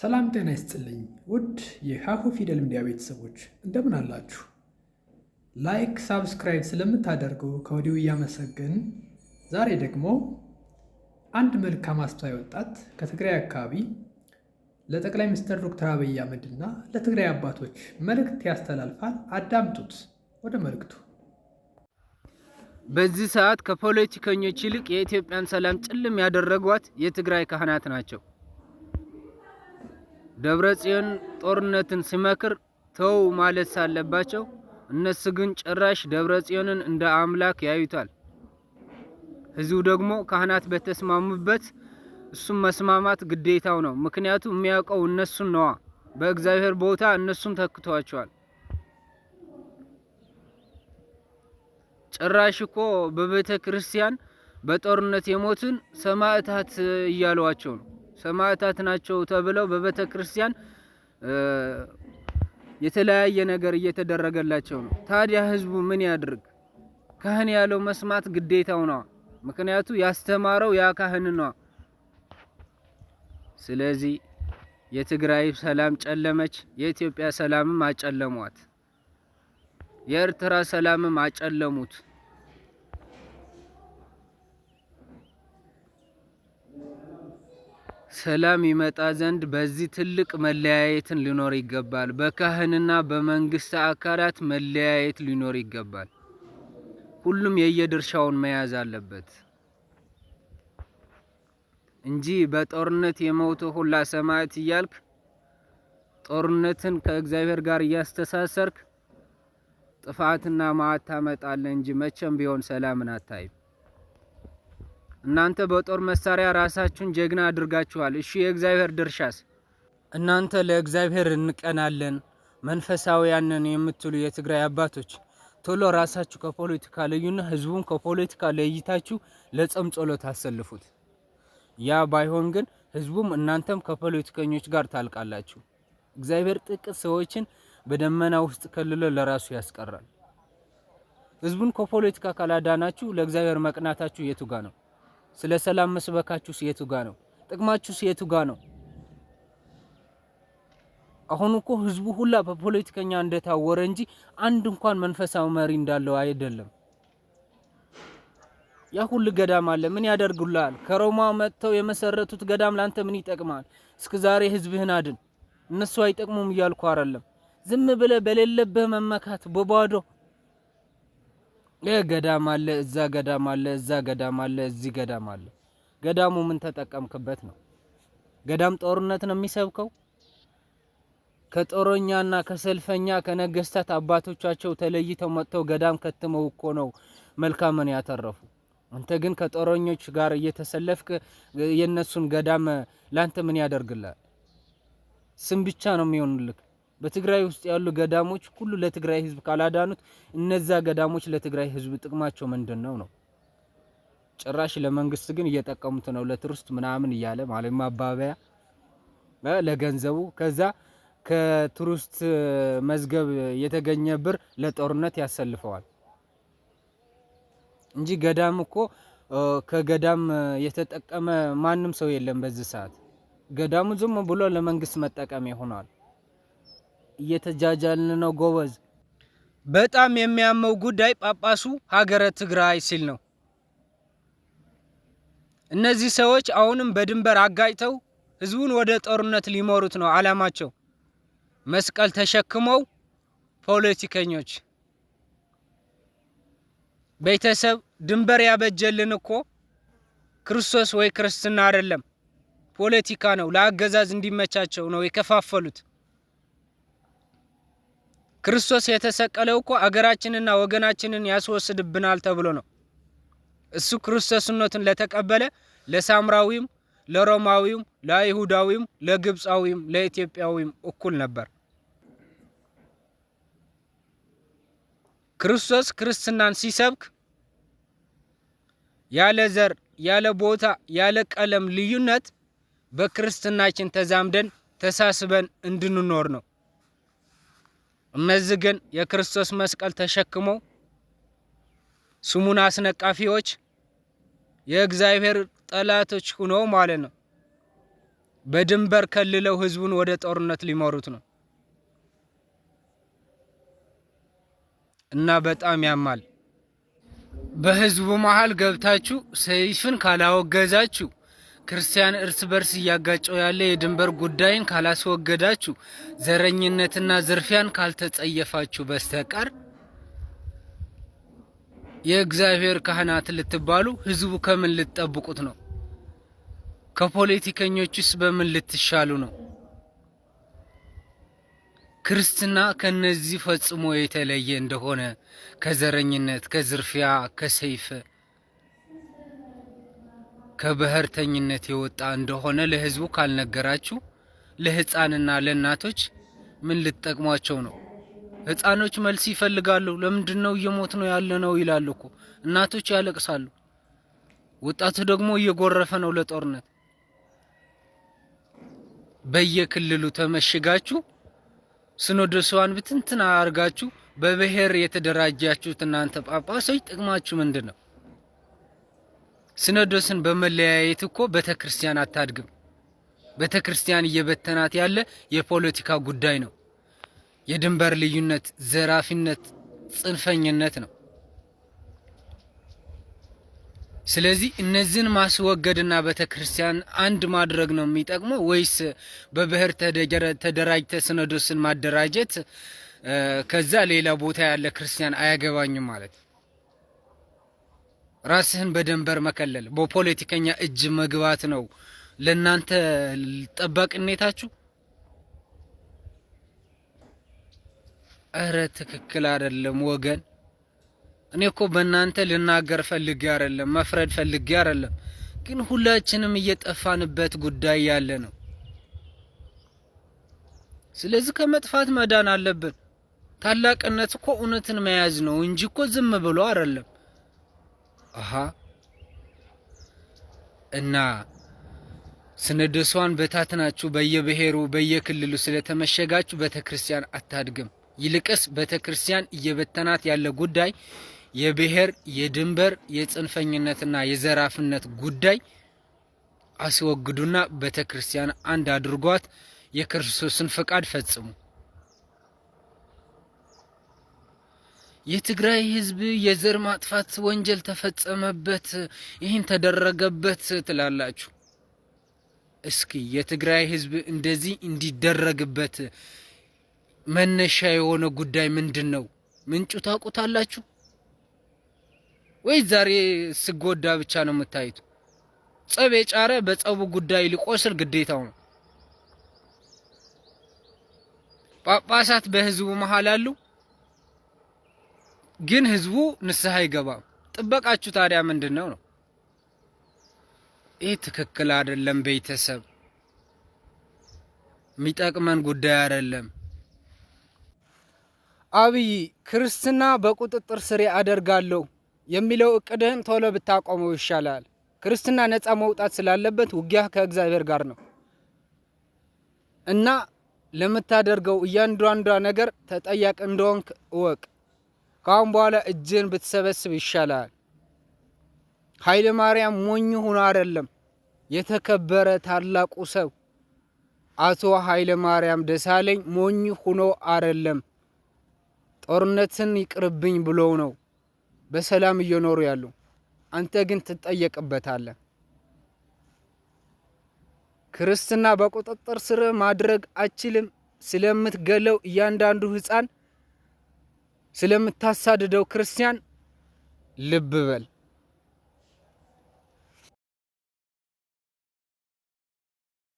ሰላም ጤና ይስጥልኝ ውድ የሀሁ ፊደል ሚዲያ ቤተሰቦች እንደምን አላችሁ? ላይክ ሳብስክራይብ ስለምታደርጉ ከወዲሁ እያመሰግን፣ ዛሬ ደግሞ አንድ መልካም አስተዋይ ወጣት ከትግራይ አካባቢ ለጠቅላይ ሚኒስትር ዶክተር አብይ አህመድ እና ለትግራይ አባቶች መልእክት ያስተላልፋል። አዳምጡት። ወደ መልእክቱ። በዚህ ሰዓት ከፖለቲከኞች ይልቅ የኢትዮጵያን ሰላም ጭልም ያደረጓት የትግራይ ካህናት ናቸው። ደብረጽዮን ጦርነትን ሲመክር ተው ማለት ሳለባቸው እነሱ ግን ጭራሽ ደብረጽዮንን እንደ አምላክ ያዩታል። ህዝቡ ደግሞ ካህናት በተስማሙበት እሱም መስማማት ግዴታው ነው። ምክንያቱም የሚያውቀው እነሱን ነዋ። በእግዚአብሔር ቦታ እነሱን ተክቷቸዋል። ጭራሽ እኮ በቤተ ክርስቲያን በጦርነት የሞትን ሰማዕታት እያሏቸው ነው። ሰማዕታት ናቸው ተብለው በቤተ ክርስቲያን የተለያየ ነገር እየተደረገላቸው ነው። ታዲያ ህዝቡ ምን ያድርግ? ካህን ያለው መስማት ግዴታው ነው። ምክንያቱ ያስተማረው ያ ካህን ነው። ስለዚህ የትግራይ ሰላም ጨለመች፣ የኢትዮጵያ ሰላምም አጨለሟት፣ የኤርትራ ሰላምም አጨለሙት። ሰላም ይመጣ ዘንድ በዚህ ትልቅ መለያየትን ሊኖር ይገባል። በካህንና በመንግስት አካላት መለያየት ሊኖር ይገባል። ሁሉም የየድርሻውን መያዝ አለበት እንጂ በጦርነት የሞተ ሁላ ሰማዕት እያልክ ጦርነትን ከእግዚአብሔር ጋር እያስተሳሰርክ ጥፋትና መዓት ታመጣለህ እንጂ መቼም ቢሆን ሰላምን አታይም። እናንተ በጦር መሳሪያ ራሳችሁን ጀግና አድርጋችኋል። እሺ የእግዚአብሔር ድርሻስ? እናንተ ለእግዚአብሔር እንቀናለን መንፈሳዊያንን የምትሉ የትግራይ አባቶች ቶሎ ራሳችሁ ከፖለቲካ ለዩና ህዝቡን ከፖለቲካ ለይታችሁ ለጾም ጸሎት አሰልፉት። ያ ባይሆን ግን ህዝቡም እናንተም ከፖለቲከኞች ጋር ታልቃላችሁ። እግዚአብሔር ጥቂት ሰዎችን በደመና ውስጥ ከልሎ ለራሱ ያስቀራል። ህዝቡን ከፖለቲካ ካላዳናችሁ ለእግዚአብሔር መቅናታችሁ የቱጋ ነው? ስለ ሰላም መስበካችሁ የቱ ጋ ነው? ጥቅማችሁ የቱ ጋ ነው? አሁን እኮ ህዝቡ ሁላ በፖለቲከኛ እንደታወረ እንጂ አንድ እንኳን መንፈሳዊ መሪ እንዳለው አይደለም። ያ ሁሉ ገዳም አለ፣ ምን ያደርጉላል? ከሮማ መጥተው የመሰረቱት ገዳም ላንተ ምን ይጠቅማል? እስከ ዛሬ ህዝብህን አድን። እነሱ አይጠቅሙም እያልኩ አይደለም። ዝም ብለ በሌለብህ መመካት በባዶ ገዳም አለ፣ እዛ ገዳም አለ፣ እዛ ገዳም አለ፣ እዚህ ገዳም አለ። ገዳሙ ምን ተጠቀምክበት ነው? ገዳም ጦርነት ነው የሚሰብከው። ከጦረኛና ከሰልፈኛ ከነገስታት አባቶቻቸው ተለይተው መጥተው ገዳም ከትመው እኮ ነው መልካምን ያተረፉ። አንተ ግን ከጦረኞች ጋር እየተሰለፍክ የነሱን ገዳም ላንተ ምን ያደርግላል? ስም ብቻ ነው የሚሆንልክ። በትግራይ ውስጥ ያሉ ገዳሞች ሁሉ ለትግራይ ህዝብ ካላዳኑት እነዛ ገዳሞች ለትግራይ ህዝብ ጥቅማቸው ምንድን ነው ነው? ጭራሽ ለመንግስት ግን እየጠቀሙት ነው፣ ለቱሪስት ምናምን እያለ ማለት ማባበያ ለገንዘቡ። ከዛ ከቱሪስት መዝገብ የተገኘ ብር ለጦርነት ያሰልፈዋል እንጂ ገዳም እኮ ከገዳም የተጠቀመ ማንም ሰው የለም። በዚህ ሰዓት ገዳሙ ዝም ብሎ ለመንግስት መጠቀሚያ ሆኗል። እየተጃጃልን ነው ጎበዝ። በጣም የሚያመው ጉዳይ ጳጳሱ ሀገረ ትግራይ ሲል ነው። እነዚህ ሰዎች አሁንም በድንበር አጋጭተው ህዝቡን ወደ ጦርነት ሊመሩት ነው አላማቸው። መስቀል ተሸክመው ፖለቲከኞች ቤተሰብ ድንበር ያበጀልን እኮ ክርስቶስ ወይ ክርስትና አይደለም፣ ፖለቲካ ነው። ለአገዛዝ እንዲመቻቸው ነው የከፋፈሉት። ክርስቶስ የተሰቀለው እኮ አገራችንና ወገናችንን ያስወስድብናል ተብሎ ነው። እሱ ክርስቶስነትን ለተቀበለ ለሳምራዊም፣ ለሮማዊም፣ ለአይሁዳዊም፣ ለግብፃዊም፣ ለኢትዮጵያዊም እኩል ነበር። ክርስቶስ ክርስትናን ሲሰብክ ያለ ዘር፣ ያለ ቦታ፣ ያለ ቀለም ልዩነት በክርስትናችን ተዛምደን ተሳስበን እንድንኖር ነው። እነዚህ ግን የክርስቶስ መስቀል ተሸክመው ስሙን አስነቃፊዎች የእግዚአብሔር ጠላቶች ሁኖ ማለት ነው። በድንበር ከልለው ህዝቡን ወደ ጦርነት ሊመሩት ነው እና በጣም ያማል። በህዝቡ መሀል ገብታችሁ ሰይፍን ካላወገዛችሁ ክርስቲያን እርስ በርስ እያጋጨው ያለ የድንበር ጉዳይን ካላስወገዳችሁ ዘረኝነትና ዝርፊያን ካልተጸየፋችሁ በስተቀር የእግዚአብሔር ካህናት ልትባሉ ህዝቡ ከምን ልትጠብቁት ነው? ከፖለቲከኞችስ በምን ልትሻሉ ነው? ክርስትና ከነዚህ ፈጽሞ የተለየ እንደሆነ ከዘረኝነት፣ ከዝርፊያ፣ ከሰይፈ? ከብሔርተኝነት የወጣ እንደሆነ ለህዝቡ ካልነገራችሁ ለህፃንና ለእናቶች ምን ልትጠቅሟቸው ነው? ህፃኖች መልስ ይፈልጋሉ። ለምንድን ነው እየሞት ነው ያለ ነው ይላሉ እኮ እናቶች ያለቅሳሉ። ወጣቱ ደግሞ እየጎረፈ ነው ለጦርነት። በየክልሉ ተመሽጋችሁ ሲኖዶሷን ብትንትና አርጋችሁ በብሔር የተደራጃችሁት እናንተ ጳጳሶች ጥቅማችሁ ምንድን ነው? ሲኖዶስን በመለያየት እኮ ቤተክርስቲያን አታድግም። ቤተክርስቲያን እየበተናት ያለ የፖለቲካ ጉዳይ ነው። የድንበር ልዩነት፣ ዘራፊነት፣ ጽንፈኝነት ነው። ስለዚህ እነዚህን ማስወገድና ቤተክርስቲያን አንድ ማድረግ ነው የሚጠቅመው ወይስ በብሔር ተደራጅተ ሲኖዶስን ማደራጀት ከዛ ሌላ ቦታ ያለ ክርስቲያን አያገባኝም ማለት ነው? ራስህን በደንበር መከለል በፖለቲከኛ እጅ መግባት ነው ለእናንተ ጠባቅኔታችሁ። እረ ትክክል አይደለም ወገን። እኔ እኮ በእናንተ ልናገር ፈልጌ አይደለም፣ መፍረድ ፈልጌ አይደለም። ግን ሁላችንም እየጠፋንበት ጉዳይ ያለ ነው። ስለዚህ ከመጥፋት መዳን አለብን። ታላቅነት እኮ እውነትን መያዝ ነው እንጂ እኮ ዝም ብሎ አይደለም። አሀ እና ስነደሷን በታትናችሁ በየብሔሩ በየክልሉ ስለተመሸጋችሁ ክርስቲያን አታድግም። ይልቅስ ቤተክርስቲያን እየበተናት ያለ ጉዳይ የብሔር፣ የድንበር፣ የጽንፈኝነትና የዘራፍነት ጉዳይ አስወግዱና ክርስቲያን አንድ አድርጓት የክርስቶስን ፈቃድ ፈጽሙ። የትግራይ ህዝብ የዘር ማጥፋት ወንጀል ተፈጸመበት፣ ይህን ተደረገበት ትላላችሁ። እስኪ የትግራይ ህዝብ እንደዚህ እንዲደረግበት መነሻ የሆነ ጉዳይ ምንድን ነው? ምንጩ ታውቁታላችሁ ወይ? ዛሬ ስጎዳ ብቻ ነው የምታዩት? ጸብ የጫረ በጸቡ ጉዳይ ሊቆስል ግዴታው ነው። ጳጳሳት በህዝቡ መሀል አሉ። ግን ህዝቡ ንስሐ አይገባም። ጥበቃችሁ ታዲያ ምንድን ነው ነው? ይህ ትክክል አይደለም። ቤተሰብ የሚጠቅመን ጉዳይ አይደለም። አብይ ክርስትና በቁጥጥር ስር አደርጋለሁ የሚለው እቅድህን ቶሎ ብታቆመው ይሻላል። ክርስትና ነፃ መውጣት ስላለበት ውጊያ ከእግዚአብሔር ጋር ነው እና ለምታደርገው እያንዳንዷ ነገር ተጠያቂ እንደሆንክ እወቅ። ከአሁን በኋላ እጅን ብትሰበስብ ይሻላል። ኃይለ ማርያም ሞኝ ሆኖ አይደለም። የተከበረ ታላቁ ሰው አቶ ኃይለ ማርያም ደሳለኝ ሞኝ ሆኖ አይደለም። ጦርነትን ይቅርብኝ ብለው ነው በሰላም እየኖሩ ያሉ። አንተ ግን ትጠየቅበታለህ። ክርስትና በቁጥጥር ስር ማድረግ አችልም። ስለምትገለው እያንዳንዱ ህፃን ስለምታሳድደው ክርስቲያን ልብ በል።